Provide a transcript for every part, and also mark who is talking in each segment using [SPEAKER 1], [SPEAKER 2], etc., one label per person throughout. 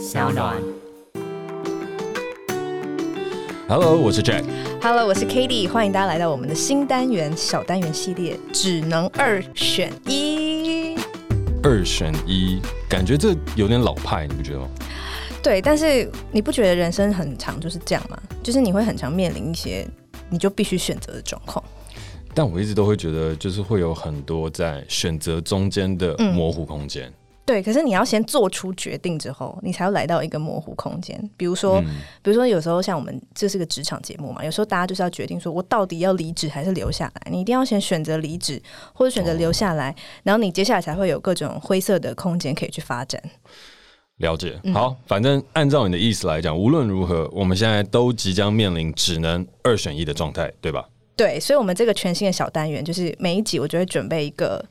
[SPEAKER 1] SoundOn。Hello，我是 Jack。
[SPEAKER 2] Hello，我是 Cady。歡迎大家來到我們的新單元小單元系列，只能二選一。
[SPEAKER 1] 二選一，感覺這有點老派，你不覺得嗎？
[SPEAKER 2] 對，但是你不覺得人生很長就是這樣嗎？就是你會很常面臨一些你就必須選擇的狀況。
[SPEAKER 1] 但我一直都會覺得，就是會有很多在選擇中間的模糊空間。嗯
[SPEAKER 2] 對，可是你要先做出決定之後，你才要來到一個模糊空間。比如說，嗯、比如說，有時候像我們這是個職場節目嘛，有時候大家就是要決定說我到底要離職還是留下來。你一定要先選擇離職或者選擇留下來、哦，然後你接下來才會有各種灰色的空間可以去發展。
[SPEAKER 1] 了解、嗯，好，反正按照你的意思來講，無論如何，我們現在都即將面臨只能二選一的狀態，對吧？
[SPEAKER 2] 對，所以，我們這個全新的小單元，就是每一集我就會準備一個。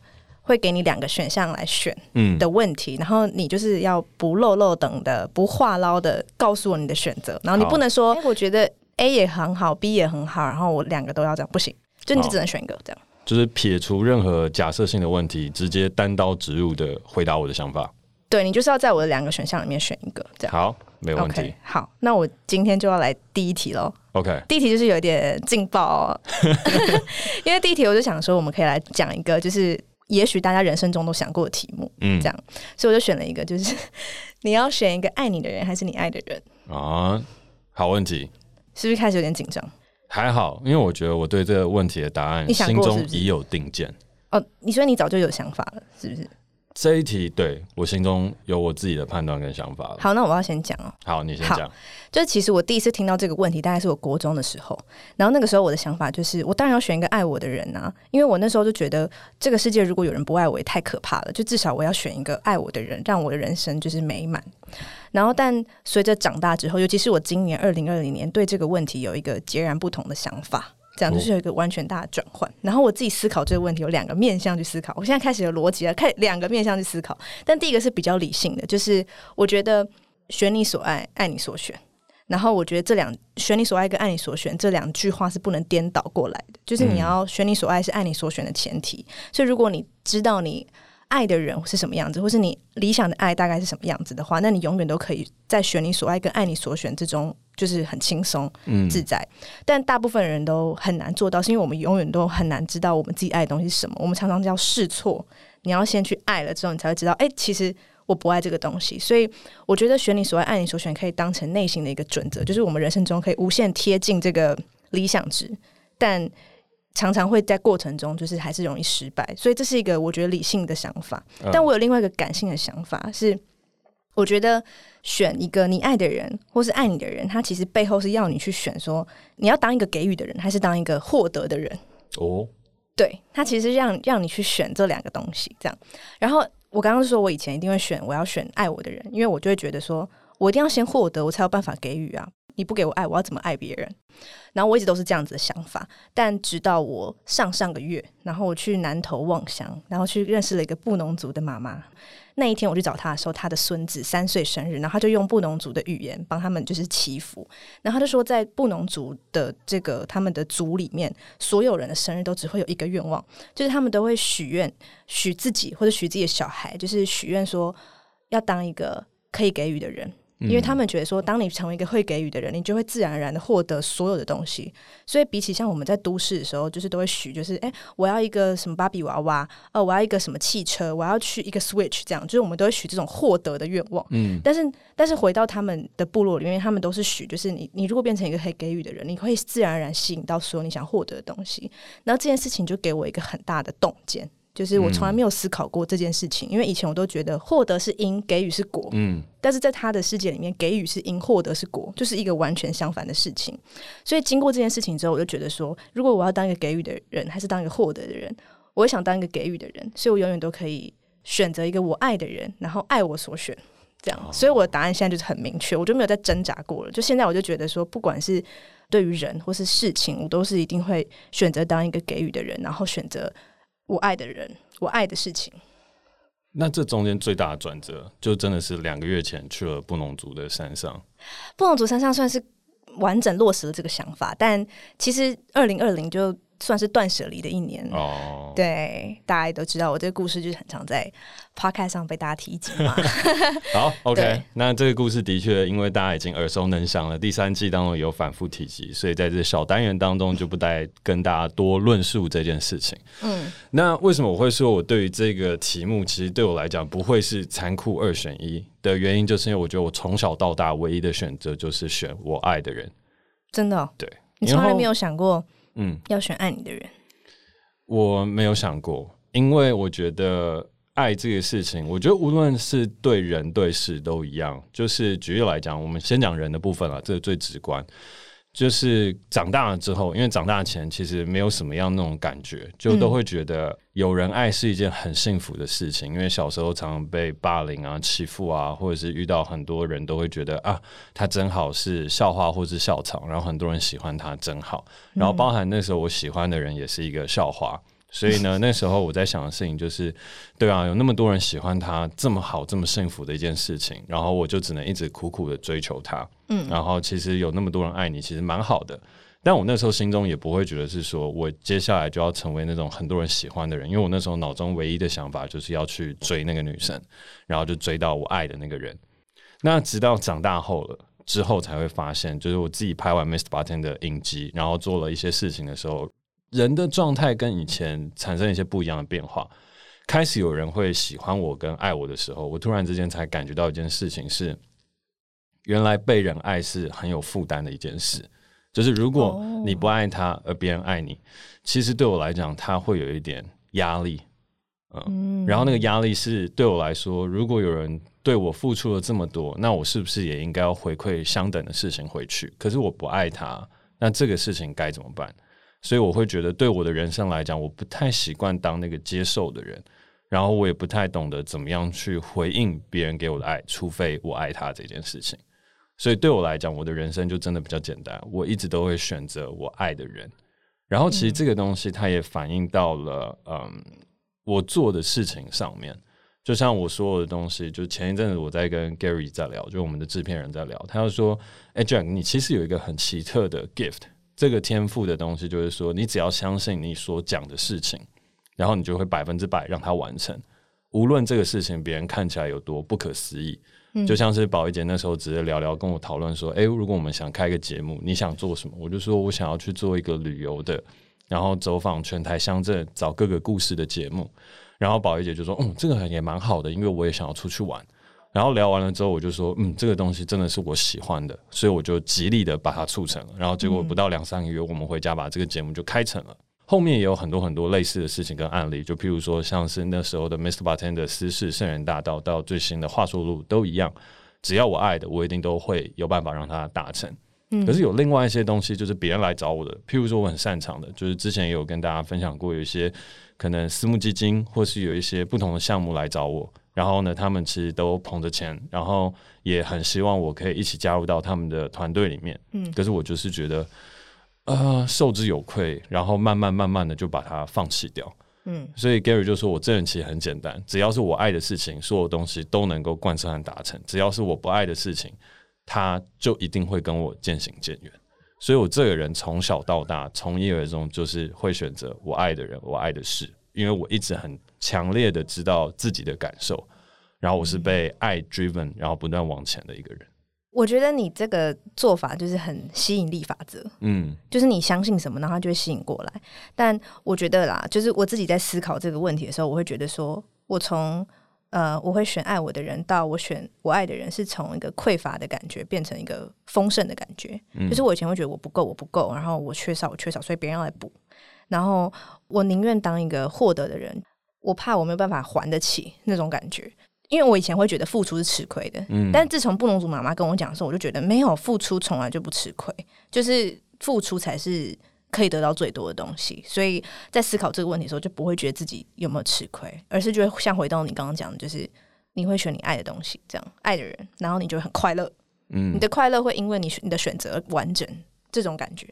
[SPEAKER 2] 會給你兩個選項來選的問題、嗯，然後你就是要不漏漏等的不話嘮的告訴我你的選擇，然後你不能說、欸、我覺得 A 也很好，B 也很好，然後我兩個都要這樣不行，就你就只能選一個這樣。
[SPEAKER 1] 就是撇除任何假設性的問題，直接單刀直入的回答我的想法。
[SPEAKER 2] 對你就是要在我的兩個選項裡面選一個
[SPEAKER 1] 這樣。好，沒問題。Okay,
[SPEAKER 2] 好，那我今天就要來第一題嘍。OK，第一題就是有點勁爆哦， 因為第一題我就想說我們可以來講一個就是。也許大家人生中都想過的題目，嗯，這樣，所以我就選了一個，就是你要選一個愛你的人，還是你愛的人
[SPEAKER 1] 啊？好問題，
[SPEAKER 2] 是不是開始有點緊張？
[SPEAKER 1] 還好，因為我覺得我對這個問題的答案心中已有定見。
[SPEAKER 2] 是是哦，你說你早就有想法了，是不是？
[SPEAKER 1] 這一題，對，我心中有我自己的判斷跟想法了。好，
[SPEAKER 2] 那我要先講哦。好，你先講。就其實我第一次聽到這個問題，大概是我國中的時候。然後那個時候我的想法就是，我當然要選一個愛我的人啊，因為我那時候就覺得這個世界如果有人不愛我，也太可怕了。就至少我要選一個愛我的人，讓我的人生就是美滿。然後，但隨着長大之後，尤其是我今年二零二零年，對這個問題有一個截然不同的想法。講就是有一個完全大的轉換，哦，然後我自己思考這個問題有兩個面向去思考，我現在開始有邏輯了，開兩個面向去思考，但第一個是比較理性的，就是我覺得選你所愛，愛你所選，然後我覺得這兩選你所愛跟愛你所選這兩句話是不能顛倒過來的，就是你要選你所愛是愛你所選的前提，嗯、所以如果你知道你。愛的人是什麼樣子，或是你理想的愛大概是什麼樣子的話，那你永遠都可以在選你所愛跟愛你所選之中，就是很輕鬆自在、嗯。但大部分人都很難做到，是因為我們永遠都很難知道我們自己愛的東西是什麼。我們常常要試錯，你要先去愛了之後，你才會知道，哎、欸，其實我不愛這個東西。所以我覺得選你所愛、愛你所選，可以當成內心的一個準則，就是我們人生中可以無限貼近這個理想值。但常常會在過程中，就是還是容易失敗，所以這是一個我覺得理性的想法。但我有另外一個感性的想法，uh. 是我覺得選一個你愛的人，或是愛你的人，他其實背後是要你去選說，你要當一個給予的人，還是當一個獲得的人。哦，oh. 對，他其實讓讓你去選這兩個東西，這樣。然後我剛剛說我以前一定會選，我要選愛我的人，因為我就會覺得說。我一定要先獲得，我才有辦法給予啊！你不給我愛，我要怎麼愛別人？然後我一直都是這樣子的想法。但直到我上上個月，然後我去南投望鄉，然後去認識了一個布農族的媽媽。那一天我去找她的時候，她的孫子三歲生日，然後她就用布農族的語言幫他們就是祈福。然後她就說，在布農族的這個他們的族裡面，所有人的生日都只會有一個願望，就是他們都會許願，許自己或者許自己的小孩，就是許願說要當一個可以給予的人。因為他們覺得說，當你成為一個會給予的人，你就會自然而然的獲得所有的東西。所以比起像我們在都市的時候，就是都會許，就是哎、欸，我要一個什麼芭比娃娃，哦、呃、我要一個什麼汽車，我要去一個 Switch，這樣，就是我們都會許這種獲得的願望、嗯。但是但是回到他們的部落裡面，他們都是許，就是你你如果變成一個可以給予的人，你會自然而然吸引到所有你想獲得的東西。然後這件事情就給我一個很大的洞見。就是我從來沒有思考過這件事情，嗯、因為以前我都覺得獲得是因，給予是果、嗯。但是在他的世界裡面，給予是因，獲得是果，就是一個完全相反的事情。所以經過這件事情之後，我就覺得說，如果我要當一個給予的人，還是當一個獲得的人，我也想當一個給予的人，所以我永遠都可以選擇一個我愛的人，然後愛我所選這樣、哦。所以我的答案現在就是很明確，我就沒有再掙扎過了。就現在，我就覺得說，不管是對於人或是事情，我都是一定會選擇當一個給予的人，然後選擇。我愛的人，我愛的事情。
[SPEAKER 1] 那這中間最大的轉折，就真的是兩個月前去了布農族的山上。
[SPEAKER 2] 布農族山上算是完整落實了這個想法，但其實二零二零就。算是斷捨離的一年，oh. 對，大家也都知道。我這個故事就是很常在 podcast 上被大家提及嘛
[SPEAKER 1] 好。好 ，OK，那這個故事的確，因為大家已經耳熟能詳了，第三季當中有反覆提及，所以在這個小單元當中就不再跟大家多論述這件事情。 嗯，那為什麼我會說，我對於這個題目，其實對我來講不會是殘酷二選一的原因，就是因為我覺得我從小到大唯一的選擇就是選我愛的人。
[SPEAKER 2] 真的、哦，對，你從來沒有想過。嗯，要選愛你的人，
[SPEAKER 1] 我沒有想過，因為我覺得愛這個事情，我覺得無論是對人對事都一樣。就是舉例來講，我們先講人的部分了，這個、最直觀。就是長大了之後，因為長大前其實沒有什麼樣那種感覺，就都會覺得有人愛是一件很幸福的事情。嗯、因為小時候常常被霸凌啊、欺負啊、或者是遇到很多人都會覺得啊，他真好是校花或是校草，然後很多人喜歡他，真好。然後包含那時候我喜歡的人也是一個校花。嗯嗯所以呢，那時候我在想的事情就是，對啊，有那麼多人喜歡他，這麼好，這麼幸福的一件事情，然後我就只能一直苦苦的追求他。嗯，然後其實有那麼多人愛你，其實蠻好的。但我那時候心中也不會覺得是說我接下來就要成為那種很多人喜歡的人，因為我那時候腦中唯一的想法就是要去追那個女生，然後就追到我愛的那個人。那直到長大後了之後才會發現，就是我自己拍完《Miss Barton》的影集，然後做了一些事情的時候。人的狀態跟以前產生一些不一樣的變化，開始有人會喜歡我跟愛我的時候，我突然之間才感覺到一件事情是，原來被人愛是很有負擔的一件事，就是如果你不愛他而別人愛你，其實對我來講他會有一點壓力，嗯，然後那個壓力是對我來說，如果有人對我付出了這麼多，那我是不是也應該要回饋相等的事情回去？可是我不愛他，那這個事情該怎麼辦？所以我會覺得，對我的人生來講，我不太習慣當那個接受的人，然後我也不太懂得怎麼樣去回應別人給我的愛，除非我愛他這件事情。所以對我來講，我的人生就真的比較簡單。我一直都會選擇我愛的人，然後其實這個東西它也反映到了嗯，嗯我做的事情上面。就像我所有的東西，就前一陣子我在跟 Gary 在聊，就是我們的製片人在聊，他就說：“哎，欸，Jack，你其實有一個很奇特的 gift。”這個天賦的東西，就是說，你只要相信你所講的事情，然後你就會百分之百讓它完成。無論這個事情別人看起來有多不可思議，嗯，就像是寶儀姐那時候直接聊聊跟我討論說，誒，欸，如果我們想開個節目，你想做什麼？我就說我想要去做一個旅遊的，然後走訪全台鄉鎮，找各個故事的節目。然後寶儀姐就說，嗯，這個也蠻好的，因為我也想要出去玩。然後聊完了之後，我就說，嗯，這個東西真的是我喜歡的，所以我就極力的把它促成了。然後結果不到兩三個月，我們回家把這個節目就開成了、嗯。後面也有很多很多類似的事情跟案例，就譬如說像是那時候的 Mr. Bartender 的私事聖人大道，到最新的話術路都一樣。只要我愛的，我一定都會有辦法讓它達成、嗯。可是有另外一些東西，就是別人來找我的，譬如說我很擅長的，就是之前也有跟大家分享過，有一些可能私募基金或是有一些不同的項目來找我。然後呢，他們其實都捧着錢，然後也很希望我可以一起加入到他們的團隊裡面。嗯，可是我就是覺得，呃，受之有愧，然後慢慢慢慢的就把它放棄掉。嗯，所以 Gary 就說，我這人其實很簡單，只要是我愛的事情，所有東西都能夠貫徹和達成。只要是我不愛的事情，他就一定會跟我漸行漸遠。所以我這個人從小到大，從一而終，就是會選擇我愛的人，我愛的事，因為我一直很。強烈的知道自己的感受，然後我是被愛 driven，嗯，然後不斷往前的一個人。
[SPEAKER 2] 我覺得你這個做法就是很吸引力法則，嗯，就是你相信什麼，然後就會吸引過來。但我覺得啦，就是我自己在思考這個問題的時候，我會覺得說我從呃我會選愛我的人，到我選我愛的人，是從一個匱乏的感覺變成一個豐盛的感覺。嗯，就是我以前會覺得我不夠，我不夠，然後我缺少我缺少，所以別人要來補。然後我寧願當一個獲得的人。我怕我沒有辦法還得起那種感覺，因為我以前會覺得付出是吃虧的，嗯，但是自從布農族媽媽跟我講的時候，我就覺得沒有付出從來就不吃虧，就是付出才是可以得到最多的東西。所以在思考這個問題的時候，就不會覺得自己有沒有吃虧，而是覺得像回到你剛剛講的，就是你會選你愛的東西，這樣愛的人，然後你就會很快樂，嗯，你的快樂會因為你選你的選擇完整這種感覺。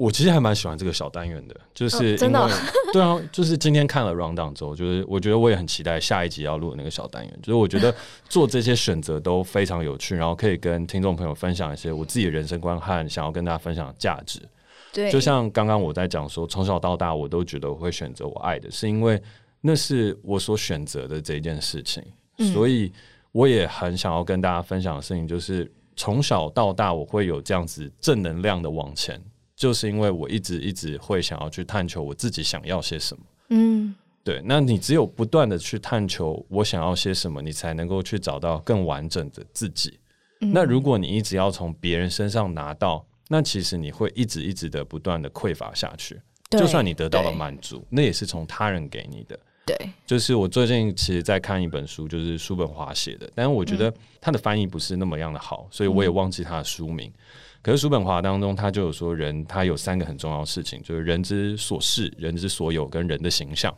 [SPEAKER 1] 我其實還蠻喜歡這個小單元的，就是因為、哦、真的對啊，就是今天看了 Round Down 之後，就是我覺得我也很期待下一集要錄的那個小單元。就是我覺得做這些選擇都非常有趣，然後可以跟聽眾朋友分享一些我自己的人生觀和想要跟大家分享的價值。對，就像剛剛我在講說，從小到大我都覺得我會選擇我愛的，是因為那是我所選擇的這一件事情。所以我也很想要跟大家分享的事情，就是、嗯、從小到大我會有這樣子正能量的往前。就是因為我一直一直會想要去探求我自己想要些什麼，嗯，對。那你只有不斷的去探求我想要些什麼，你才能夠去找到更完整的自己。嗯。那如果你一直要從別人身上拿到，那其實你會一直一直的不斷的匱乏下去。就算你得到了滿足，那也是從他人給你的。對，就是我最近其實在看一本書，就是叔本華寫的，但是我覺得他的翻譯不是那麼樣的好，所以我也忘記他的書名。嗯。嗯。可是叔本華當中，他就有說，人他有三個很重要的事情，就是人之所是、人之所有跟人的形象。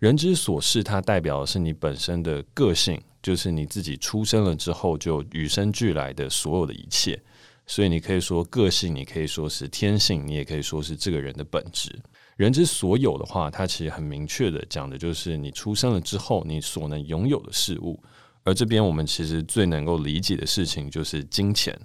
[SPEAKER 1] 人之所是，它代表的是你本身的個性，就是你自己出生了之後就與生俱來的所有的一切。所以你可以說個性，你可以說是天性，你也可以說是這個人的本質。人之所有的話，它其實很明確的講的就是你出生了之後你所能擁有的事物。而這邊我們其實最能夠理解的事情就是金錢。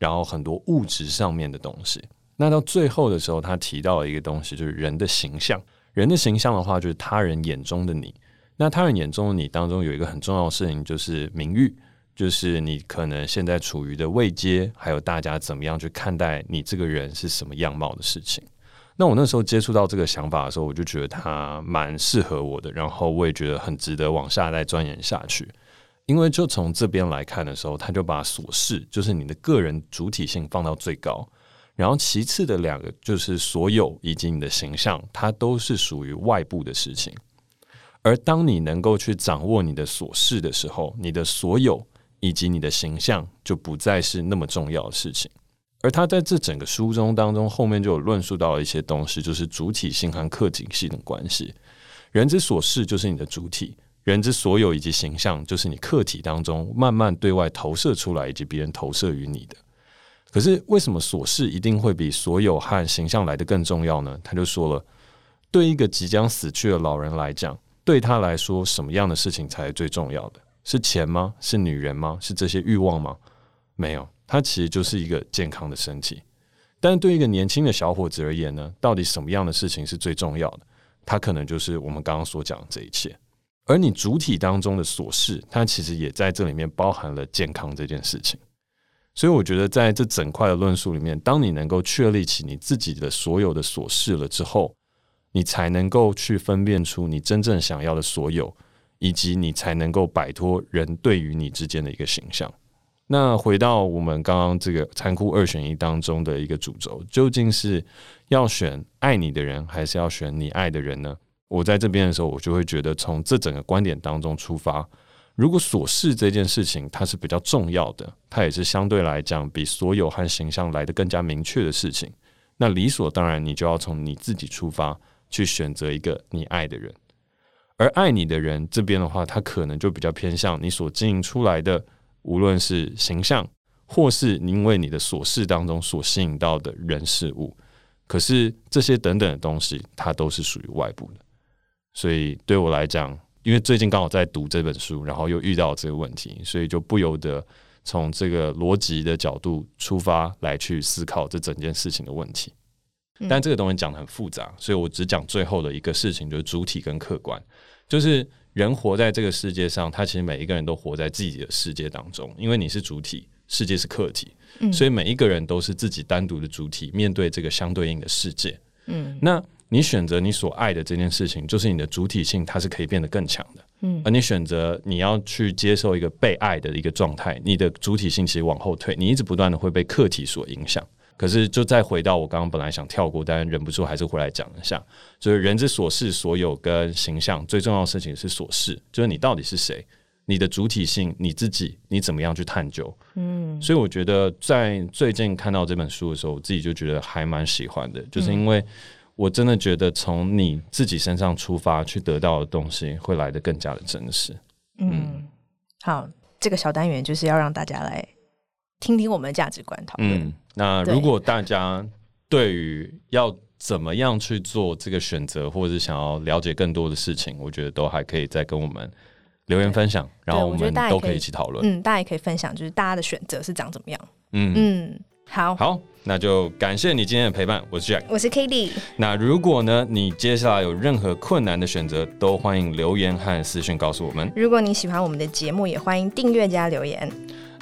[SPEAKER 1] 然後很多物質上面的東西，那到最後的時候，他提到了一個東西，就是人的形象。人的形象的話，就是他人眼中的你。那他人眼中的你當中，有一個很重要的事情，就是名譽，就是你可能現在處於的位階，還有大家怎麼樣去看待你這個人是什麼樣貌的事情。那我那時候接觸到這個想法的時候，我就覺得它蠻適合我的，然後我也覺得很值得往下再鑽研下去。因為就從這邊來看的時候，他就把所是，就是你的個人主體性放到最高，然後其次的兩個就是所有以及你的形象，它都是屬於外部的事情。而當你能夠去掌握你的所是的時候，你的所有以及你的形象就不再是那麼重要的事情。而他在這整個書中當中後面就有論述到一些東西，就是主體性和客體性的關係，人之所是就是你的主體。人之所有以及形象，就是你客體當中慢慢對外投射出來，以及別人投射於你的。可是為什麼瑣事一定會比所有和形象來得更重要呢？他就說了，對一個即將死去的老人來講，對他來說，什麼樣的事情才是最重要的？是錢嗎？是女人嗎？是這些慾望嗎？沒有，他其實就是一個健康的身體。但是對一個年輕的小夥子而言呢，到底什麼樣的事情是最重要的？他可能就是我們剛剛所講的這一切。而你主體當中的瑣事，它其實也在這裡面包含了健康這件事情。所以我覺得，在這整塊的論述裡面，當你能夠確立起你自己的所有的瑣事了之後，你才能夠去分辨出你真正想要的所有，以及你才能夠擺脫人對於你之間的一個形象。那回到我們剛剛這個殘酷二選一當中的一個主軸，究竟是要選愛你的人，還是要選你愛的人呢？我在這邊的時候，我就會覺得，從這整個觀點當中出發，如果瑣事這件事情它是比較重要的，它也是相對來講比所有和形象來得更加明確的事情，那理所當然，你就要從你自己出發去選擇一個你愛的人，而愛你的人這邊的話，它可能就比較偏向你所經營出來的，無論是形象或是因為你的瑣事當中所吸引到的人事物，可是這些等等的東西，它都是屬於外部的。所以對我來講，因為最近剛好在讀這本書，然後又遇到這個問題，所以就不由得從這個邏輯的角度出發來去思考這整件事情的問題。嗯、但這個東西講得很複雜，所以我只講最後的一個事情，就是主體跟客觀。就是人活在這個世界上，他其實每一個人都活在自己的世界當中，因為你是主體，世界是客體，嗯、所以每一個人都是自己單獨的主體，面對這個相對應的世界。嗯，那。你選擇你所愛的這件事情，就是你的主體性，它是可以變得更強的。嗯，而你選擇你要去接受一個被愛的一個狀態，你的主體性其實往後退，你一直不斷的會被客體所影響。可是，就再回到我剛剛本來想跳過，但忍不住還是回來講一下。就是人之所是，所有跟形象最重要的事情是所是。就是你到底是誰，你的主體性，你自己，你怎麼樣去探究？嗯，所以我覺得在最近看到這本書的時候，我自己就覺得還蠻喜歡的，就是因為。我真的覺得，從你自己身上出發去得到的東西，會來得更加的真實。
[SPEAKER 2] 嗯。嗯，好，這個小單元就是要讓大家來聽聽我們的價值觀討論。
[SPEAKER 1] 嗯，那如果大家對於要怎麼樣去做這個選擇，或者是想要了解更多的事情，我覺得都還可以再跟我們留言分享，然後我們我可都可以一起討論。嗯，
[SPEAKER 2] 大家也可以分享，就是大家的選擇是長怎麼樣？嗯
[SPEAKER 1] 嗯。好好，那就感謝你今天的陪伴。我是 Jack，我是 Cady。那如果呢，你接下來有任何困難的選擇，都歡迎留言和私訊告訴我們。
[SPEAKER 2] 如果你喜歡我們的節目，也歡迎訂閱加留言。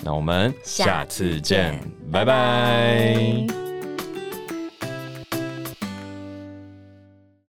[SPEAKER 1] 那我們下次見，拜拜。Bye bye Okay.